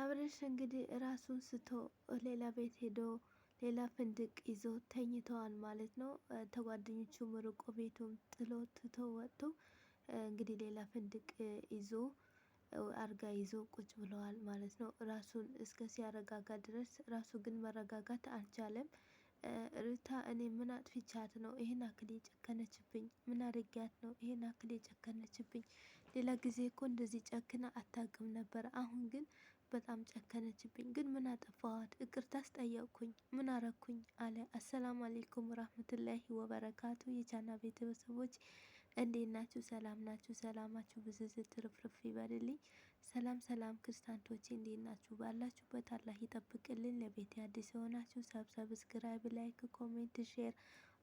አብረሽ እንግዲህ ራሱን ስቶ ሌላ ቤት ሄዶ ሌላ ፍንድቅ ይዞ ተኝተዋል ማለት ነው። ተጓደኞቹም ርቆ ቤቱም ጥሎ ትቶ ወጥቶ እንግዲህ ሌላ ፍንድቅ ይዞ አልጋ ይዞ ቁጭ ብለዋል ማለት ነው። ራሱን እስከ ሲያረጋጋ ድረስ ራሱ ግን መረጋጋት አልቻለም። ሩታ እኔ ምን አጥፍቻት ነው ይህን አክል የጨከነችብኝ? ምን አድርጊያት ነው ይህን አክል የጨከነችብኝ? ሌላ ጊዜ እኮ እንደዚህ ጨክና አታውቅም ነበር። አሁን ግን በጣም ጨከነችብኝ። ግን ምን አጠፋዋት? ይቅርታስ ጠየቅኩኝ። ምን አረኩኝ? አለ። አሰላሙ አሌይኩም ራህመቱላሂ ወበረካቱ። የቻና ቤተሰቦች እንዴት ናችሁ? ሰላም ናችሁ? ሰላማችሁ ብዝዝ ትርፍርፍ ይበልልኝ። ሰላም ሰላም ክርስቲያንቶቼ እንዴት ናችሁ? ባላችሁበት አላህ ይጠብቅልን። ለቤት አዲስ የሆናችሁ ሰብስክራይብ፣ ላይክ፣ ኮሜንት፣ ሼር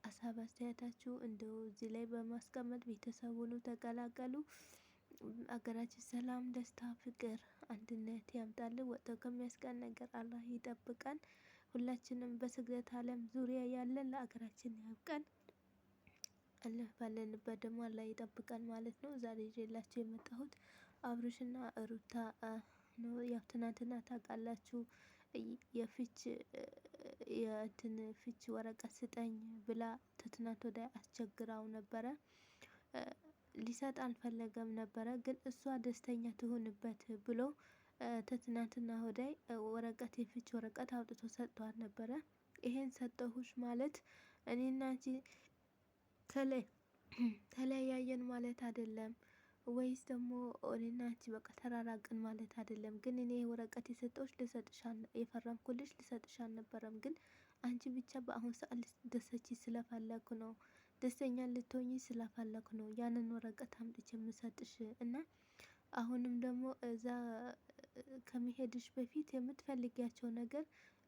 አሳብ አስተያየታችሁ እንደው እዚህ ላይ በማስቀመጥ ቤተሰቡን ተቀላቀሉ። አገራችን ሰላም፣ ደስታ፣ ፍቅር፣ አንድነት ያምጣልን። ወጥተው ከሚያስቀን ነገር አላህ ይጠብቀን። ሁላችንም በስግደት ዓለም ዙሪያ ያለን ለአገራችን ያብቃን። አላህ ባለንበት ደግሞ አላህ ይጠብቀን ማለት ነው። ዛሬ ይዤላችሁ የመጣሁት አብርሽና ሩታ ነው። ያው ትናንትና ታውቃላችሁ የፍች የእንትን ፍች ወረቀት ስጠኝ ብላ ከትናንት ወዲያ አስቸግራው ነበረ። ሊሰጥ አልፈለገም ነበረ። ግን እሷ ደስተኛ ትሆንበት ብሎ ተትናንትና ወዳይ ወረቀት የፍች ወረቀት አውጥቶ ሰጥቷት ነበረ። ይሄን ሰጠሁሽ ማለት እኔና አንቺ ተለያየን ማለት አይደለም፣ ወይስ ደግሞ እኔና አንቺ በቃ ተራራቅን ማለት አይደለም። ግን እኔ ወረቀት የሰጠሁሽ ልሰጥሽ የፈረምኩልሽ ልሰጥሽ አልነበረም። ግን አንቺ ብቻ በአሁኑ ሰዓት ልትደሰቺ ስለፈለግኩ ነው ደስተኛ ልትሆኝ ስላፈለኩ ነው ያንን ወረቀት አምጥቼ የምሰጥሽ እና አሁንም ደግሞ እዛ ከመሄድሽ በፊት የምትፈልጊያቸው ነገር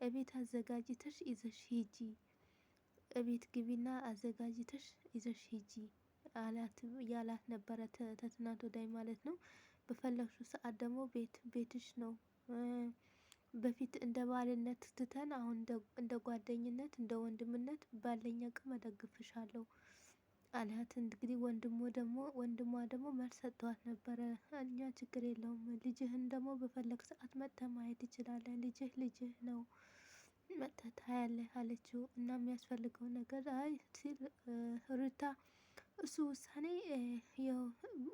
እቤት አዘጋጅተሽ ይዘሽ ሂጂ። እቤት ግቢና አዘጋጅተሽ ይዘሽ ሂጂ አላት ያላት ነበረ። ተትናንት ማለት ነው። በፈለግሽው ሰዓት ደግሞ ቤት ቤትሽ ነው። በፊት እንደ ባልነት ትተን አሁን እንደ ጓደኝነት እንደ ወንድምነት ባለኝ አቅም እደግፍሻለሁ አልያት። እንግዲህ ወንድሞ ደግሞ ወንድሟ ደግሞ መልስ ሰጥተዋት ነበረ። እኛ ችግር የለውም ልጅህን ደግሞ በፈለግ ሰዓት መጥተህ ማየት ይችላለ። ልጅህ ልጅህ ነው መጥተህ ታያለህ አለችው እና የሚያስፈልገው ነገር አይ ሲል ሩታ እሱ ውሳኔ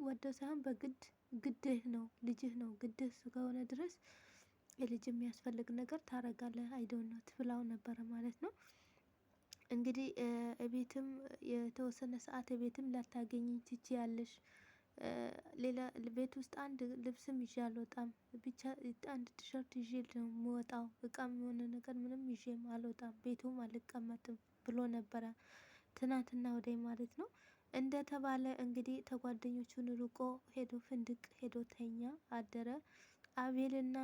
ወደ ሳይሆን በግድ ግድህ ነው ልጅህ ነው ግድህ እስከሆነ ድረስ የልጅ የሚያስፈልግ ነገር ታረጋለህ አይዶንት ብላው ነበረ ማለት ነው። እንግዲህ እቤትም የተወሰነ ሰዓት እቤትም ላታገኝ ትችያለሽ። ሌላ ቤት ውስጥ አንድ ልብስም ይዤ አልወጣም ብቻ አንድ ቲሸርት ይዤ ነው የምወጣው እቃም የሆነ ነገር ምንም ይዤም አልወጣም ቤቱም አልቀመጥም ብሎ ነበረ። ትናንትና ወዲያ ማለት ነው። እንደተባለ እንግዲህ ተጓደኞቹን ርቆ ሄዶ ፍንድቅ ሄዶ ተኛ አደረ። አቤልና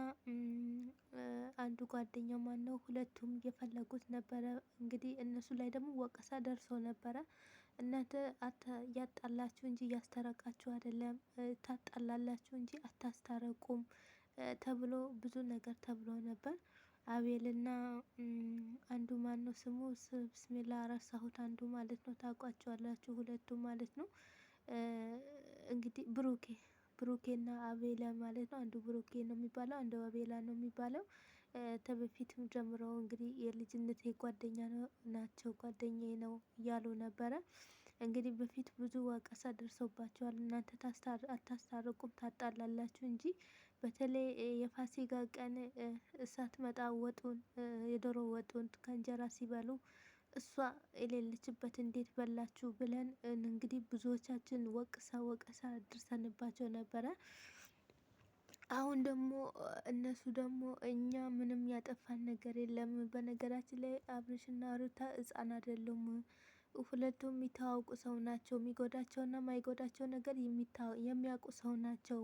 አንዱ ጓደኛው ነው? ሁለቱም እየፈለጉት ነበረ። እንግዲህ እነሱ ላይ ደግሞ ወቀሳ ደርሶ ነበረ። እናንተ እያጣላችሁ እንጂ እያስታረቃችሁ አይደለም፣ ታጣላላችሁ እንጂ አታስታረቁም ተብሎ ብዙ ነገር ተብሎ ነበር። አቤልና አንዱ ነው ስሙ ብስሚላ ረሳሁት፣ አንዱ ማለት ነው ታውቋቸዋላችሁ፣ ሁለቱም ማለት ነው እንግዲህ ብሩኬ ብሩኬና አቤላ ማለት ነው። አንዱ ብሩኬ ነው የሚባለው፣ አንዱ አቤላ ነው የሚባለው። ተበፊትም ጀምሮ እንግዲህ የልጅነት ጓደኛ ናቸው ጓደኛ ነው እያሉ ነበረ። እንግዲህ በፊት ብዙ ወቀሳ ደርሶባቸዋል። እናንተ አታስታርቁም ታጣላላችሁ እንጂ በተለይ የፋሲካ ቀን መጣ ወጡን የዶሮ ወጡን ከእንጀራ ሲበሉ እሷ የሌለችበት እንዴት በላችሁ ብለን እንግዲህ ብዙዎቻችን ወቅሳ ወቀሳ ድርሰንባቸው ነበረ። አሁን ደግሞ እነሱ ደግሞ እኛ ምንም ያጠፋን ነገር የለም። በነገራችን ላይ አብርሽና ሩታ ሕፃን አይደሉም። ሁለቱም የሚታወቁ ሰው ናቸው። የሚጎዳቸውና ማይጎዳቸው ነገር የሚያውቁ ሰው ናቸው።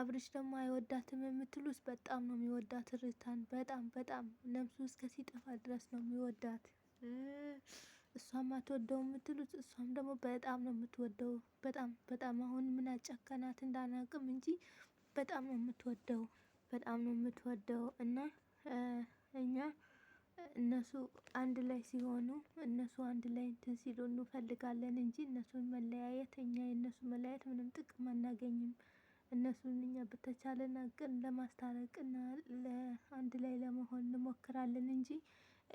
አብርሽ ደግሞ አይወዳትም የምትሉስ፣ በጣም ነው የሚወዳት ሩታን። በጣም በጣም ነፍሱ እስከ ሲጠፋ ድረስ ነው የሚወዳት። እሷም አትወደው የምትሉት እሷም ደግሞ በጣም ነው የምትወደው። በጣም በጣም አሁን ምን አጨከናት እንዳናቅም እንጂ በጣም ነው የምትወደው፣ በጣም ነው የምትወደው እና እኛ እነሱ አንድ ላይ ሲሆኑ እነሱ አንድ ላይ እንትን ሲሉ እንፈልጋለን እንጂ እነሱን መለያየት እኛ የእነሱ መለያየት ምንም ጥቅም አናገኝም። እነሱን እኛ በተቻለን አቅም ለማስታረቅ እና አንድ ላይ ለመሆን እንሞክራለን እንጂ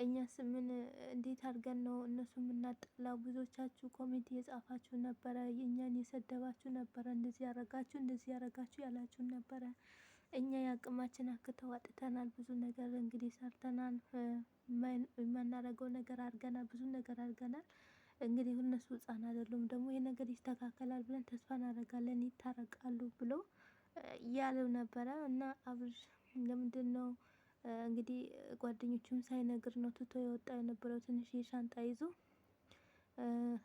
እኛስ ምን እንዴት አድርገን ነው እነሱ የምናጣላ? ብዙዎቻችሁ ኮሜንት እየጻፋችሁ ነበረ፣ እኛን የሰደባችሁ ነበረ፣ እንደዚህ ያረጋችሁ እንደዚህ ያረጋችሁ ያላችሁ ነበረ። እኛ የአቅማችን አክተው አጥተናል። ብዙ ነገር እንግዲህ ሰርተናል፣ የማናረገው ነገር አድርገናል፣ ብዙ ነገር አድርገናል። እንግዲህ እነሱ ህጻን አይደሉም፣ ደግሞ ይህ ነገር ይስተካከላል ብለን ተስፋ እናደርጋለን፣ ይታረቃሉ ብሎ እያሉ ነበረ እና አብርሽ ለምንድን ነው እንግዲህ ጓደኞቹም ሳይነግር ነው ትቶ የወጣ የነበረው ትንሽ ሻንጣ ይዞ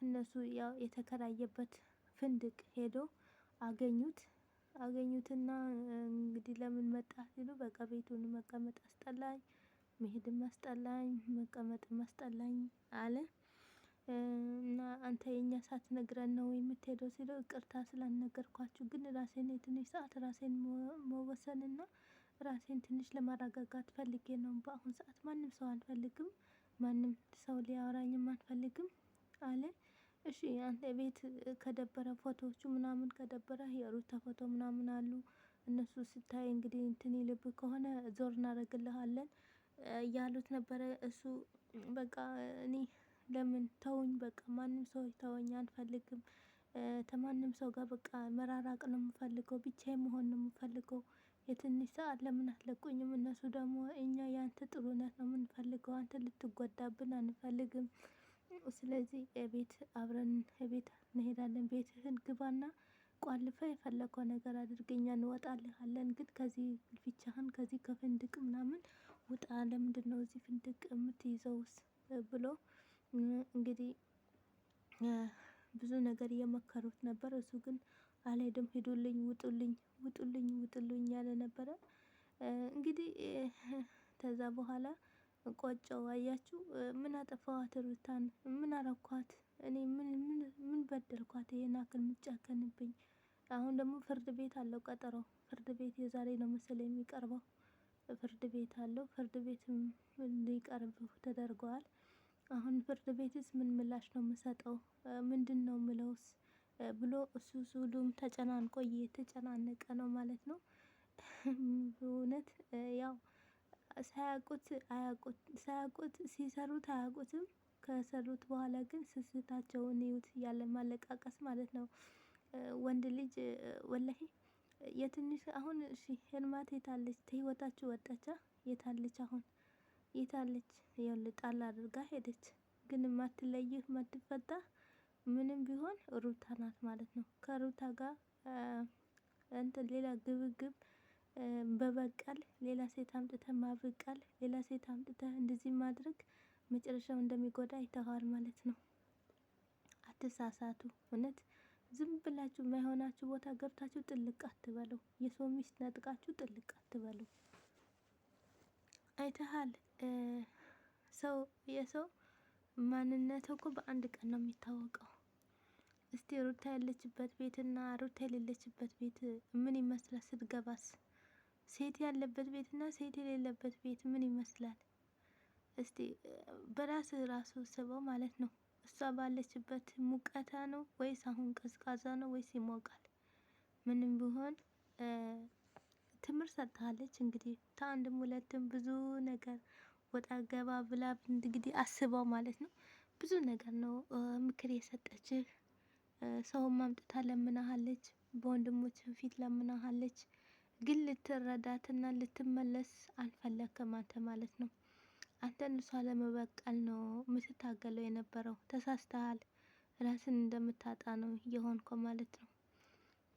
እነሱ ያው የተከራየበት ፍንድቅ ሄዶ አገኙት። አገኙትና እንግዲህ ለምን መጣ ሲሉ በቃ ቤቱን መቀመጥ አስጠላኝ፣ መሄድም አስጠላኝ፣ መቀመጥም አስጠላኝ አለ እና አንተ የእኛ ነግረን ነው የምትሄደው ሲለው፣ ይቅርታ ስላልነገርኳችሁ ግን ራሴን የትንሽ ሰዓት ራሴን መወሰንና ራሴን ትንሽ ለማረጋጋት ፈልጌ ነው። በአሁኑ ሰዓት ማንም ሰው አልፈልግም፣ ማንም ሰው ሊያወራኝም አልፈልግም አለ። እሺ አንተ ቤት ከደበረ ፎቶዎቹ ምናምን ከደበረ የሩታ ፎቶ ምናምን አሉ። እነሱ ስታይ እንግዲህ እንትን ይልብ ከሆነ ዞር እናደርግልሃለን ያሉት ነበረ። እሱ በቃ እኔ ለምን ተውኝ፣ በቃ ማንም ሰው ተወኝ፣ አልፈልግም ከማንም ሰው ጋር በቃ መራራቅ ነው የምፈልገው፣ ብቻዬ መሆን ነው የምፈልገው የትንሽ ሰዓት ለምን አትለቁኝም? እነሱ ደግሞ እኛ የአንተ ጥሩነት ነው የምንፈልገው፣ አንተ ልትጎዳብን አንፈልግም። ስለዚህ ቤት አብረን የቤት እንሄዳለን። ቤትህን ግባና ቋልፈ የፈለከው ነገር አድርገኛ እኛ እንወጣልሃለን። ግን ከዚህ ብቻህን ከዚህ ከፍንድቅ ምናምን ውጣ። ለምንድን ነው እዚህ ፍንድቅ የምትይዘውስ? ብሎ እንግዲህ ብዙ ነገር እየመከሩት ነበር። እሱ ግን አልሄድም፣ ሂዱልኝ፣ ውጡልኝ፣ ውጡልኝ፣ ውጡልኝ ያለ ነበረ። እንግዲህ ከዛ በኋላ ቆጨው። አያችሁ ምን አጠፋዋት ሩታን? ምን አረኳት? እኔ ምን ምን በደልኳት? ይሄን አክል የምጨከንብኝ። አሁን ደግሞ ፍርድ ቤት አለው ቀጠሮ። ፍርድ ቤት የዛሬ ነው ምስል የሚቀርበው። ፍርድ ቤት አለው። ፍርድ ቤት እንዲቀርብ ተደርገዋል። አሁን ፍርድ ቤትስ ምን ምላሽ ነው የምሰጠው? ምንድን ነው ምለውስ? ብሎ እሱ ሁሉም ተጨናንቆ እየተጨናነቀ ነው ማለት ነው። እውነት ያው ሳያውቁት አያውቁት ሳያውቁት ሲሰሩት አያውቁትም። ከሰሩት በኋላ ግን ስስታቸውን ይዩት እያለ ማለቃቀስ ማለት ነው። ወንድ ልጅ ወላሂ የትንሽ አሁን እሺ ህልማት የታለች ከህይወታችሁ ወጣቻ የታለች አሁን የታለች ይኸውልህ ጣል አድርጋ ሄደች። ግን ማትለይህ ማትፈታ ምንም ቢሆን ሩታ ናት ማለት ነው። ከሩታ ጋር እንትን ሌላ ግብግብ በበቀል ሌላ ሴት አምጥተህ ማበቀል ሌላ ሴት አምጥተህ እንደዚህ ማድረግ መጨረሻው እንደሚጎዳ ይተዋል ማለት ነው። አትሳሳቱ። እውነት ዝም ብላችሁ የማይሆናችሁ ቦታ ገብታችሁ ጥልቅ አትበሉ። የሰው ሚስት ነጥቃችሁ ጥልቅ አትበሉ። አይተሃል፣ ሰው የሰው ማንነት እኮ በአንድ ቀን ነው የሚታወቀው። እስቲ ሩታ ያለችበት ቤት እና ሩታ የሌለችበት ቤት ምን ይመስላል? ስትገባስ ሴት ያለበት ቤት እና ሴት የሌለበት ቤት ምን ይመስላል? እስቲ በራስ ራሱ ስበው ማለት ነው። እሷ ባለችበት ሙቀታ ነው ወይስ አሁን ቀዝቃዛ ነው ወይስ ይሞቃል? ምንም ቢሆን ትምህርት ሰጥታለች። እንግዲህ ከአንድም ሁለትም ብዙ ነገር ወጣ ገባ ብላ እንግዲህ አስበው ማለት ነው። ብዙ ነገር ነው ምክር የሰጠችህ ሰውን ማምጥታ ለምናሃለች፣ በወንድሞችም ፊት ለምናሃለች። ግን ልትረዳትና ልትመለስ አልፈለክም አንተ ማለት ነው። አንተን እሷ ለመበቀል ነው የምትታገለው የነበረው። ተሳስተሃል። ራስን እንደምታጣ ነው እየሆንኮ ማለት ነው።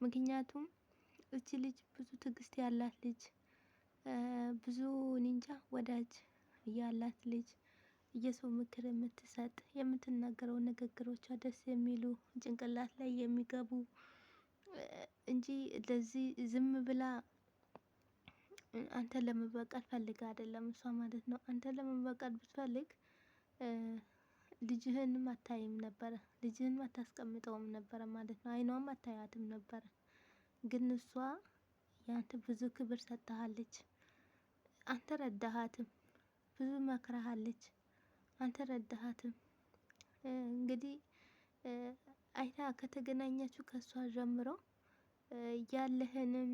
ምክንያቱም እቺ ልጅ ብዙ ትዕግስት ያላት ልጅ ብዙ ኒንጃ ወዳጅ ያላት ልጅ የሰው ምክር የምትሰጥ የምትናገረው ንግግሮቿ ደስ የሚሉ ጭንቅላት ላይ የሚገቡ እንጂ እንደዚህ ዝም ብላ አንተ ለመበቀል ፈልግ አይደለም እሷ ማለት ነው። አንተ ለመበቀል ብትፈልግ ልጅህንም አታይም ነበረ፣ ልጅህንም አታስቀምጠውም ነበረ ማለት ነው። አይኗም አታያትም ነበረ። ግን እሷ ያንተ ብዙ ክብር ሰጥታሃለች። አንተ ረዳሃትም፣ ብዙ መክረሃለች። አልተረዳሃትም። እንግዲህ አይታ ከተገናኛችሁ ከእሷ ጀምሮ ያለህንም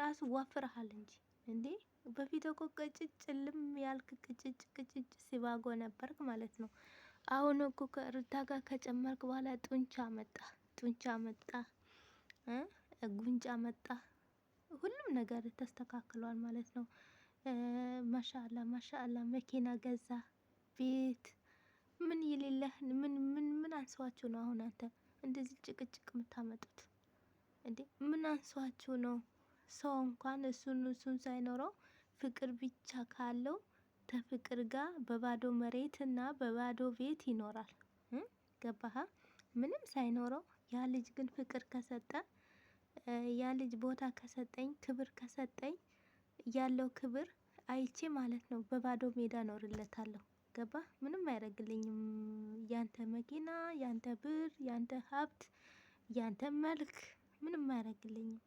ራሱ ዋፍረሃል እንጂ እንዴ በፊት እኮ ቅጭጭልም ያልክ ቅጭጭ ቅጭጭ ሲባጎ ነበርክ ማለት ነው። አሁን እኮ ከሩታ ጋር ከጨመርክ በኋላ ጡንቻ መጣ፣ ጡንቻ መጣ፣ ጉንጫ መጣ፣ ሁሉም ነገር ተስተካክሏል ማለት ነው። ማሻአላ ማሻአላ መኪና ገዛ። ቤት ምን የሌለህን ምን ምን ምን አንስዋችሁ ነው አሁን አንተ እንደዚህ ጭቅጭቅ የምታመጡት እንዴ? ምን አንስዋችሁ ነው? ሰው እንኳን እሱን እሱን ሳይኖረው ፍቅር ብቻ ካለው ከፍቅር ጋር በባዶ መሬት እና በባዶ ቤት ይኖራል። ገባህ? ምንም ሳይኖረው ያ ልጅ ግን ፍቅር ከሰጠ ያ ልጅ ቦታ ከሰጠኝ፣ ክብር ከሰጠኝ ያለው ክብር አይቼ ማለት ነው በባዶ ሜዳ እኖርለታለሁ። ገባ ምንም አያደርግልኝም። ያንተ መኪና፣ ያንተ ብር፣ ያንተ ሀብት፣ ያንተ መልክ ምንም አያደርግልኝም።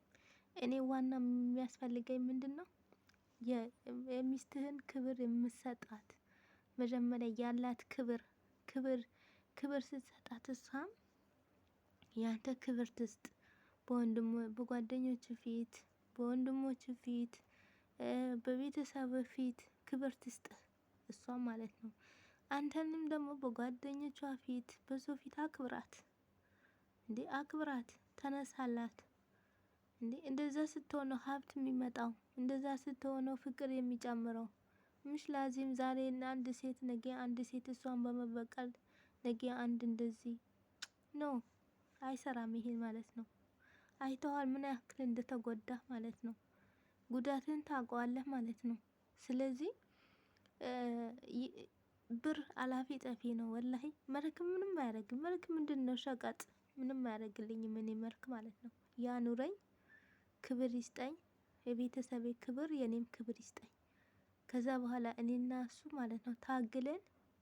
እኔ ዋና የሚያስፈልገኝ ምንድን ነው? የሚስትህን ክብር የምሰጣት መጀመሪያ ያላት ክብር ክብር ክብር ስትሰጣት እሷም ያንተ ክብር ትስጥ። በወንድሞ በጓደኞች ፊት በወንድሞች ፊት በቤተሰብ ፊት ክብር ትስጥ። እሷ ማለት ነው። አንተንም ደግሞ በጓደኞቿ ፊት በሱ ፊት አክብራት እንዴ አክብራት፣ ተነሳላት እንዴ። እንደዛ ስትሆነው ሀብት የሚመጣው እንደዛ ስትሆነው ፍቅር የሚጨምረው ምሽ ላዚም ዛሬ አንድ ሴት ነገ አንድ ሴት እሷን በመበቀል ነገ አንድ እንደዚህ ኖ አይሰራም። ይሄ ማለት ነው አይተዋል፣ ምን ያክል እንደተጎዳ ማለት ነው። ጉዳትን ታውቀዋለህ ማለት ነው። ስለዚህ ብር አላፊ ጠፊ ነው። ወላሂ መልክ ምንም አያደርግም። መልክ ምንድን ነው ሸቀጥ፣ ምንም አያደርግልኝም። እኔ መልክ ማለት ነው ያኑረኝ፣ ክብር ይስጠኝ፣ የቤተሰቤ ክብር የኔም ክብር ይስጠኝ። ከዛ በኋላ እኔና እሱ ማለት ነው ታግለን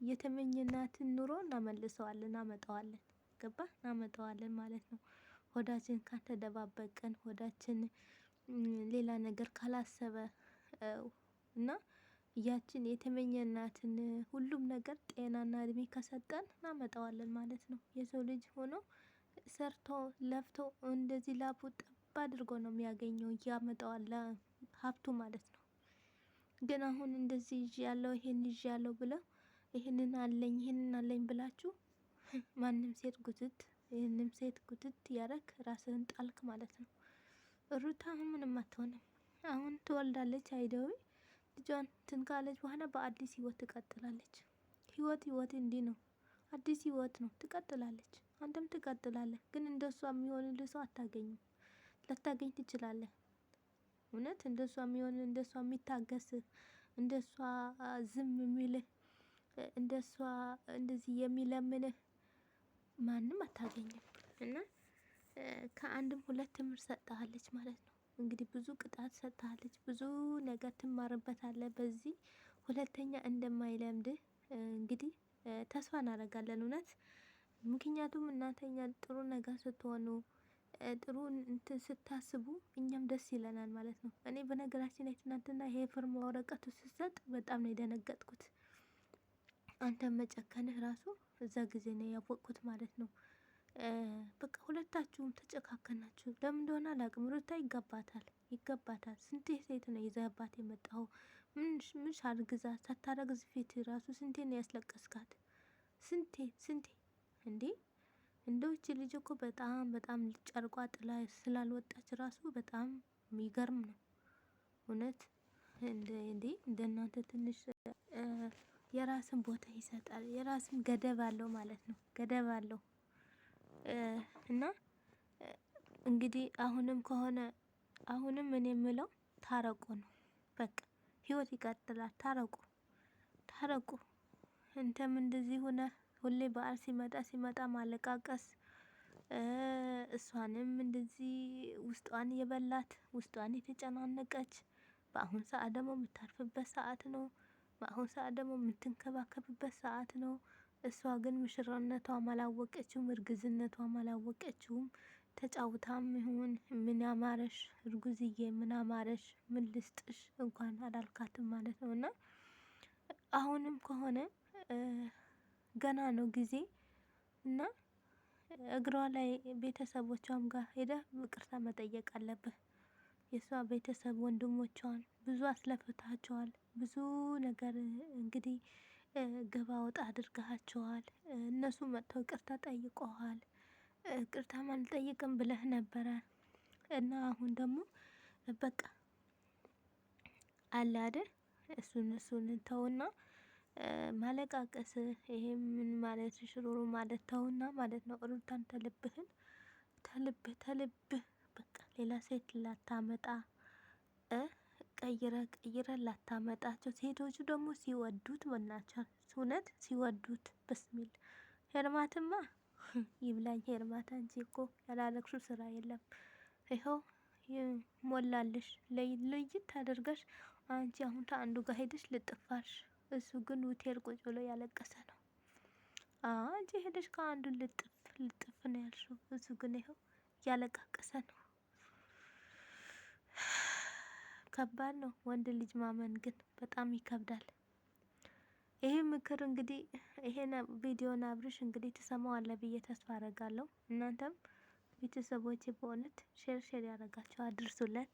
የተመኘናትን ኑሮ እናመልሰዋለን፣ እናመጣዋለን። ገባ እናመጣዋለን ማለት ነው። ሆዳችን ካልተደባበቀን፣ ሆዳችን ሌላ ነገር ካላሰበ እና ያችን የተመኘናትን ሁሉም ነገር ጤናና እድሜ ከሰጠን እናመጣዋለን ማለት ነው። የሰው ልጅ ሆኖ ሰርቶ ለፍቶ እንደዚህ ላቡ ጠብ አድርጎ ነው የሚያገኘው ያመጣዋል ሀብቱ ማለት ነው። ግን አሁን እንደዚህ ይዤ ያለው ይሄን ይዤ ያለው ብለው ይህንን አለኝ ይህንን አለኝ ብላችሁ ማንም ሴት ጉትት ይህንም ሴት ጉትት ያረክ ራስህን ጣልክ ማለት ነው። ሩታ ምንም አትሆንም። አሁን ትወልዳለች አይደዊ ልጇን ትንካለች በኋላ በአዲስ ህይወት ትቀጥላለች። ህይወት ህይወት እንዲህ ነው። አዲስ ህይወት ነው። ትቀጥላለች። አንተም ትቀጥላለህ። ግን እንደሷ የሚሆንልህ ሰው አታገኝም። ላታገኝ ትችላለህ። እውነት እንደሷ የሚሆን እንደሷ የሚታገስ እንደሷ ዝም የሚልህ እንደሷ እንደዚህ የሚለምንህ ማንም አታገኝም። እና ከአንድም ሁለት ትምህርት ሰጥታለች ማለት ነው። እንግዲህ ብዙ ቅጣት ሰጥታለች፣ ብዙ ነገር ትማርበታለህ። በዚህ ሁለተኛ እንደማይለምድህ እንግዲህ ተስፋ እናደርጋለን እውነት ምክንያቱም እናንተኛ ጥሩ ነገር ስትሆኑ ጥሩ እንትን ስታስቡ እኛም ደስ ይለናል ማለት ነው። እኔ በነገራችን ላይ ትናንትና ይሄ ፍርማ ወረቀቱ ስትሰጥ በጣም ነው የደነገጥኩት። አንተ መጨከንህ ራሱ እዛ ጊዜ ነው ያወቅኩት ማለት ነው። በቃ ሁለታችሁም ተጨካከናችሁ። ለምን እንደሆነ አላቅም። ሩታ ይገባታል፣ ይገባታል። ስንቴ ሴት ነው ይዘህባት የመጣው? ምንሽ አርግዛ ሳታረግዝ ፊት ራሱ ስንቴ ነው ያስለቀስካት? ስንቴ ስንቴ እንዴ! እንደውች ልጅ እኮ በጣም በጣም ጨርቋ ጥላ ስላልወጣች ራሱ በጣም የሚገርም ነው እውነት። እንዴ እንደናንተ ትንሽ የራስን ቦታ ይሰጣል፣ የራስን ገደብ አለው ማለት ነው፣ ገደብ አለው። እና እንግዲህ አሁንም ከሆነ አሁንም እኔ የምለው ታረቁ ነው። በቃ ህይወት ይቀጥላል። ታረቁ ታረቁ። እንተም እንደዚህ ሆነ ሁሌ በዓል ሲመጣ ሲመጣ ማለቃቀስ እሷንም እንደዚህ ውስጧን የበላት ውስጧን የተጨናነቀች በአሁን ሰዓት ደግሞ የምታርፍበት ሰዓት ነው። በአሁን ሰዓት ደግሞ የምትንከባከብበት ሰዓት ነው። እሷ ግን ሙሽራነቷም አላወቀችውም፣ እርግዝነቷም አላወቀችውም። ተጫውታም ይሁን ምን አማረሽ እርጉዝዬ፣ ምን አማረሽ፣ ምን ልስጥሽ እንኳን አላልካትም ማለት ነው። እና አሁንም ከሆነ ገና ነው ጊዜ እና እግሯ ላይ ቤተሰቦቿም ጋር ሄደህ ይቅርታ መጠየቅ አለብህ። የእሷ ቤተሰብ ወንድሞቿን ብዙ አስለፍታቸዋል። ብዙ ነገር እንግዲህ ገባ ወጣ አድርገሃቸዋል። እነሱ መጥተው ቅርታ ጠይቀዋል። ይቅርታም አልጠይቅም ብለህ ነበረ እና አሁን ደግሞ በቃ አለ አይደል እሱን እሱን ተውና ማለቃቀስ ይሄ ምን ማለት ሽሩሩ ማለት ተውና ማለት ነው። ሩታን ተልብህን ተልብህ ተልብህ በቃ ሌላ ሴት ላታመጣ ቀይረ ቀይረ ላታመጣቸው ሴቶቹ ደግሞ ሲወዱት በናቸው እውነት ሲወዱት ብስሚል ሄርማትማ ይብላኝ ሄርማት አንቺ እኮ ያላለቅሹ ስራ የለም ይኸው ሞላልሽ ለይት አድርገሽ አንቺ አሁን ከአንዱ ጋር ሄደሽ ልጥፋሽ እሱ ግን ሆቴል ቁጭ ብሎ ያለቀሰ ነው አንቺ ሄደሽ ከአንዱ ልጥፍ ልጥፍ ነው ያልሽው እሱ ግን ይኸው እያለቃቀሰ ነው ከባድ ነው። ወንድ ልጅ ማመን ግን በጣም ይከብዳል። ይህ ምክር እንግዲህ ይሄን ቪዲዮን አብርሽ እንግዲህ ትሰማዋለህ ብዬ ተስፋ አደርጋለሁ። እናንተም ቤተሰቦች በእውነት ሼር ሼር ያደረጋቸው አድርሱለት።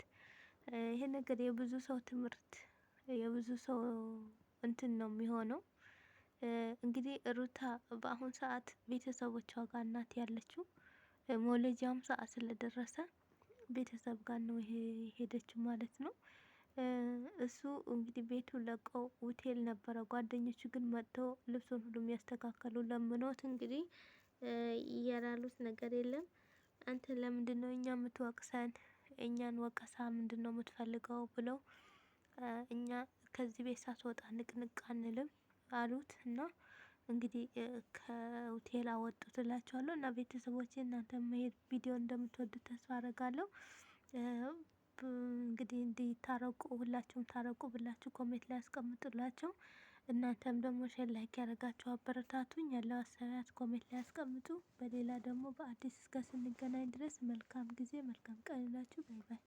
ይህ ነገር የብዙ ሰው ትምህርት የብዙ ሰው እንትን ነው የሚሆነው። እንግዲህ ሩታ በአሁን ሰዓት ቤተሰቦቿ ጋር ናት ያለችው። ሞለጃም ሰዓት ስለደረሰ ቤተሰብ ጋር ነው የሄደችው ማለት ነው። እሱ እንግዲህ ቤቱን ለቀው ሆቴል ነበረ። ጓደኞቹ ግን መጥተው ልብሱን ሁሉ የሚያስተካከሉ ለምኖት እንግዲህ እያላሉት ነገር የለም። አንተ ለምንድን ነው እኛ የምትወቅሰን? እኛን ወቀሳ ምንድን ነው የምትፈልገው? ብለው እኛ ከዚህ ቤት ሳትወጣ ንቅንቅ አንልም አሉት እና እንግዲህ ከሆቴል አወጡት እላችኋለሁ እና ቤተሰቦቼ እናንተ መሄድ ቪዲዮ እንደምትወዱ ተስፋ አረጋለሁ። እንግዲህ እንዲታረቁ ሁላችሁም ታረቁ ብላችሁ ኮሜንት ላይ አስቀምጡላቸው። እናንተም ደግሞ ሼር ላይክ ያደረጋችሁ አበረታቱኝ። ያለው አስተያየት ኮሜንት ላይ አስቀምጡ። በሌላ ደግሞ በአዲስ እስከ ስንገናኝ ድረስ መልካም ጊዜ መልካም ቀን ይላችሁ። ባይ ባይ።